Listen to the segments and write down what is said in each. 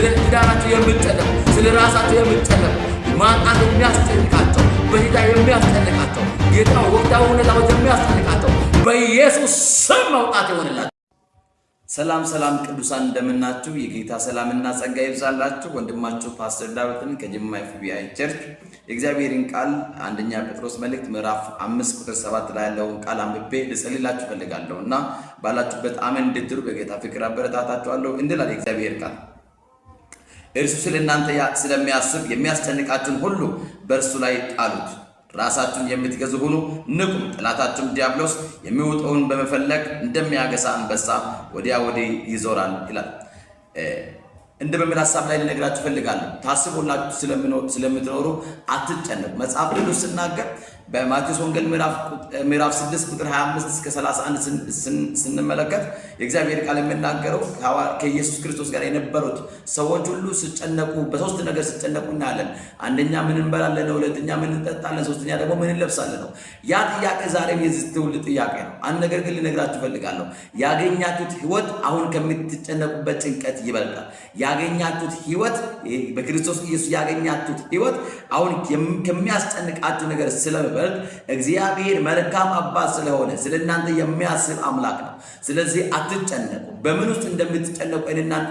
ስለ ትዳራቸው የምጨነቅ ስለ ራሳቸው የምጨነቅ ማጣት የሚያስጨንቃቸው በሽታ የሚያስጨንቃቸው ጌታ ወቅታዊ ሁኔታዎች የሚያስጨንቃቸው በኢየሱስ ስም መውጣት ይሆንላቸው። ሰላም ሰላም፣ ቅዱሳን እንደምናችሁ። የጌታ ሰላምና ጸጋ ይብዛላችሁ። ወንድማችሁ ፓስተር ዳዊትን ከጅማ ኤፍቢአይ ቸርች የእግዚአብሔርን ቃል አንደኛ ጴጥሮስ መልእክት ምዕራፍ አምስት ቁጥር ሰባት ላይ ያለውን ቃል አንብቤ ልጸልላችሁ እፈልጋለሁ እና ባላችሁበት አመን እንድትሉ በጌታ ፍቅር አበረታታችኋለሁ። እንድላል የእግዚአብሔር ቃል እርሱ ስለ እናንተ ስለሚያስብ የሚያስጨንቃችሁን ሁሉ በእርሱ ላይ ጣሉት። ራሳችሁን የምትገዙ ሁኑ፣ ንቁም። ጠላታችሁም ዲያብሎስ የሚውጠውን በመፈለግ እንደሚያገሳ አንበሳ ወዲያ ወዲህ ይዞራል ይላል። እንደ በሚል ሀሳብ ላይ ልነግራችሁ እፈልጋለሁ። ታስቦላችሁ ስለምትኖሩ አትጨነቁ። መጽሐፍ ቅዱስ ስናገር በማቴዎስ ወንጌል ምዕራፍ 6 ቁጥር 25 እስከ 31 ስንመለከት የእግዚአብሔር ቃል የሚናገረው ከኢየሱስ ክርስቶስ ጋር የነበሩት ሰዎች ሁሉ ሲጨነቁ በሶስት ነገር ሲጨነቁ እናያለን። አንደኛ ምን እንበላለን ነው፣ ሁለተኛ ምን እንጠጣለን፣ ሶስተኛ ደግሞ ምን እንለብሳለን ነው። ያ ጥያቄ ዛሬም የዚህ ትውልድ ጥያቄ ነው። አንድ ነገር ግን ልነግራችሁ እፈልጋለሁ። ያገኛችሁት ህይወት አሁን ከምትጨነቁበት ጭንቀት ይበልጣል። ያገኛችሁት ህይወት በክርስቶስ ኢየሱስ ያገኛችሁት ህይወት አሁን ከሚያስጨንቃችሁ ነገር ስለ ስንል እግዚአብሔር መልካም አባት ስለሆነ ስለ እናንተ የሚያስብ አምላክ ነው። ስለዚህ አትጨነቁ። በምን ውስጥ እንደምትጨነቁ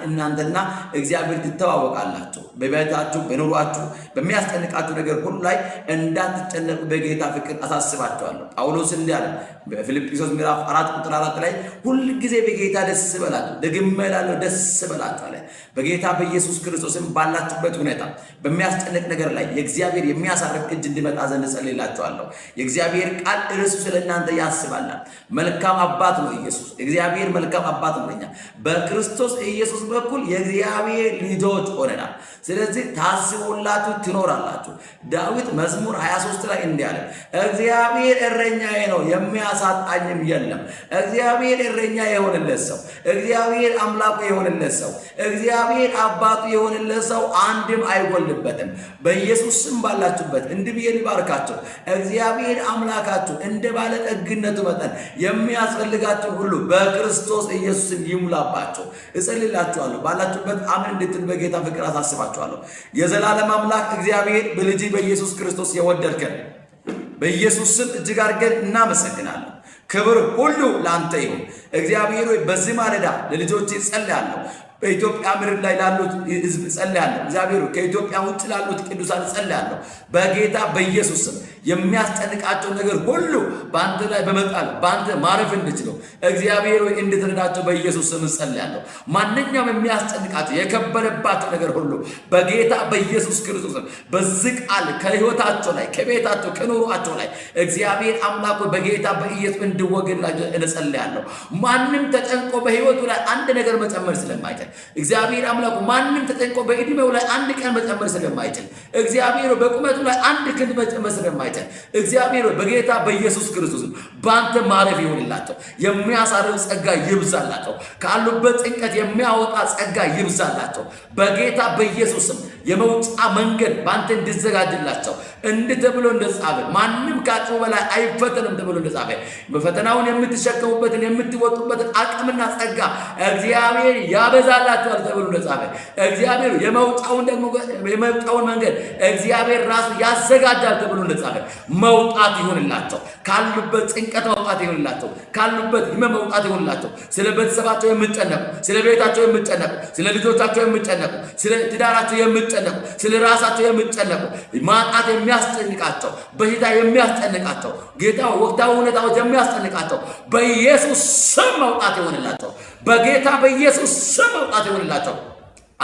እናንተና እግዚአብሔር ትተዋወቃላችሁ። በቤታችሁ፣ በኑሯችሁ፣ በሚያስጨንቃችሁ ነገር ሁሉ ላይ እንዳትጨነቁ በጌታ ፍቅር አሳስባችኋለሁ። ጳውሎስ እንዲህ አለ በፊልጵሶስ ምዕራፍ አራት ቁጥር አራት ላይ ሁልጊዜ በጌታ ደስ በላችሁ፣ ደግሜ እላለሁ ደስ በላችሁ አለ። በጌታ በኢየሱስ ክርስቶስም ባላችሁበት ሁኔታ በሚያስጨንቅ ነገር ላይ የእግዚአብሔር የሚያሳርፍ እጅ እንዲመጣ ዘንድ ጸልይላችኋለሁ። የእግዚአብሔር ቃል እርሱ ስለ እናንተ ያስባላል። መልካም አባት ነው ኢየሱስ። እግዚአብሔር መልካም አባት ነው። ኛ በክርስቶስ ኢየሱስ በኩል የእግዚአብሔር ልጆች ሆነናል። ስለዚህ ታስቦላችሁ ትኖራላችሁ። ዳዊት መዝሙር 23 ላይ እንዲህ አለ፣ እግዚአብሔር እረኛዬ ነው የሚያሳጣኝም የለም። እግዚአብሔር እረኛ የሆነለት ሰው፣ እግዚአብሔር አምላኩ የሆነለት ሰው፣ እግዚአብሔር አባቱ የሆነለት ሰው አንድም አይጎልበትም። በኢየሱስ ስም ባላችሁበት እንዲህ ብዬ ልባርካቸው። እግዚአብሔር አምላካችሁ እንደ ባለጠግነቱ መጠን የሚያስፈልጋችሁ ሁሉ በክርስቶስ ኢየሱስ ይሙላባቸው። እጸልላችኋለሁ። ባላችሁበት አምን እንድትል በጌታ ፍቅር አሳስባችኋለሁ። የዘላለም አምላክ እግዚአብሔር በልጅ በኢየሱስ ክርስቶስ የወደድከን በኢየሱስ ስም እጅግ አድርገን እናመሰግናለን። ክብር ሁሉ ለአንተ ይሁን። እግዚአብሔር ወይ በዚህ ማለዳ ለልጆች ጸልያለሁ። በኢትዮጵያ ምድር ላይ ላሉት ህዝብ ጸልያለሁ። እግዚአብሔር ከኢትዮጵያ ውጭ ላሉት ቅዱሳን ጸልያለሁ። በጌታ በኢየሱስ ስም የሚያስጨንቃቸው ነገር ሁሉ በአንተ ላይ በመጣል በአንተ ማረፍ እንድችለው እግዚአብሔር ወይ እንድትረዳቸው በኢየሱስ ስም ጸልያለሁ። ማንኛውም የሚያስጨንቃቸው የከበረባቸው ነገር ሁሉ በጌታ በኢየሱስ ክርስቶስ በዚህ ቃል ከህይወታቸው ላይ ከቤታቸው ከኑሯቸው ላይ እግዚአብሔር አምላክ በጌታ በኢየሱስ እንድወገድላቸው እንጸልያለሁ። ማንም ተጨንቆ በህይወቱ ላይ አንድ ነገር መጨመር ስለማይችል እግዚአብሔር አምላኩ ማንም ተጨንቆ በእድሜው ላይ አንድ ቀን መጨመር ስለማይችል እግዚአብሔር በቁመቱ ላይ አንድ ክንድ መጨመር ስለማይችል እግዚአብሔር በጌታ በኢየሱስ ክርስቶስ በአንተ ማረፍ ይሆንላቸው። የሚያሳርፍ ጸጋ ይብዛላቸው። ካሉበት ጭንቀት የሚያወጣ ጸጋ ይብዛላቸው በጌታ በኢየሱስም የመውጫ መንገድ በአንተ እንዲዘጋጅላቸው እንዲህ ተብሎ እንደጻፈ ማንም ከአቅሙ በላይ አይፈተንም ተብሎ እንደጻፈ በፈተናውን የምትሸከሙበትን የምትወጡበትን አቅምና ጸጋ እግዚአብሔር ያበዛላቸዋል ተብሎ እንደጻፈ እግዚአብሔር የመውጫውን ደግሞ የመውጫውን መንገድ እግዚአብሔር ራሱ ያዘጋጃል ተብሎ እንደጻፈ መውጣት ይሆንላቸው። ካሉበት ጭንቀት መውጣት ይሆንላቸው። ካሉበት ህመም መውጣት ይሆንላቸው። ስለ ቤተሰባቸው የምጨነቁ፣ ስለ ቤታቸው የምጨነቁ፣ ስለ ልጆቻቸው የምጨነቁ፣ ስለ ትዳራቸው የምጨነቁ የሚጨነቁ፣ ስለ ራሳቸው የሚጨነቁ፣ ማጣት የሚያስጨንቃቸው፣ በሽታ የሚያስጨንቃቸው፣ ጌታ ወቅታዊ ሁኔታዎች የሚያስጨንቃቸው በኢየሱስ ስም መውጣት ይሆንላቸው። በጌታ በኢየሱስ ስም መውጣት ይሆንላቸው።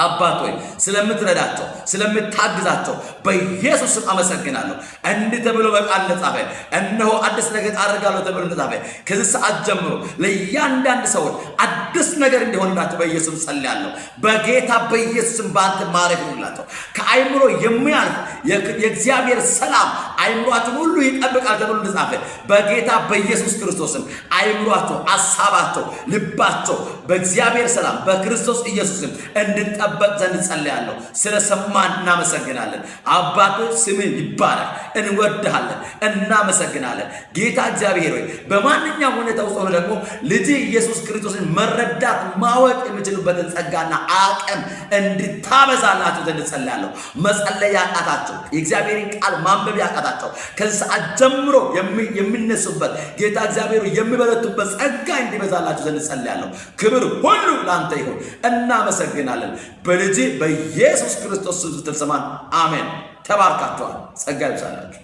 አባት ሆይ ስለምትረዳቸው ስለምታግዛቸው በኢየሱስ ስም አመሰግናለሁ። እንዲህ ተብሎ በቃል እንደጻፈ እነሆ አዲስ ነገር አደርጋለሁ ተብሎ እንደጻፈ ከዚህ ሰዓት ጀምሮ ለእያንዳንድ ሰዎች አዲስ ነገር እንዲሆንላቸው በኢየሱስ ጸልያለሁ። በጌታ ስም በአንተ ማረግ ይሁንላቸው። ከአይምሮ የሚያልፍ የእግዚአብሔር ሰላም አይምሯቸውን ሁሉ ይጠብቃል ተብሎ እንደጻፈ በጌታ በኢየሱስ ክርስቶስም አይምሯቸው፣ አሳባቸው፣ ልባቸው በእግዚአብሔር ሰላም በክርስቶስ ኢየሱስም እንድጣ ይጠበቅ ዘንድ ጸልያለሁ። ስለ ሰማን እናመሰግናለን። አባቶ ስም ይባላል እንወድሃለን፣ እናመሰግናለን። ጌታ እግዚአብሔር ሆይ በማንኛውም ሁኔታ ውስጥ ደግሞ ልጅ ኢየሱስ ክርስቶስን መረዳት ማወቅ የሚችሉበትን ጸጋና አቅም እንድታበዛላቸው ዘንድ ጸልያለሁ። መጸለይ ያቃታቸው የእግዚአብሔርን ቃል ማንበብ ያቃታቸው ከዚህ ሰዓት ጀምሮ የሚነሱበት ጌታ እግዚአብሔር የሚበረቱበት ጸጋ እንዲበዛላቸው ዘንድ ጸልያለሁ። ክብር ሁሉ ለአንተ ይሁን። እናመሰግናለን። በልጅ በኢየሱስ ክርስቶስ ስም ስትል ሰማን። አሜን። ተባርካችኋል። ጸጋ ይብዛላችሁ።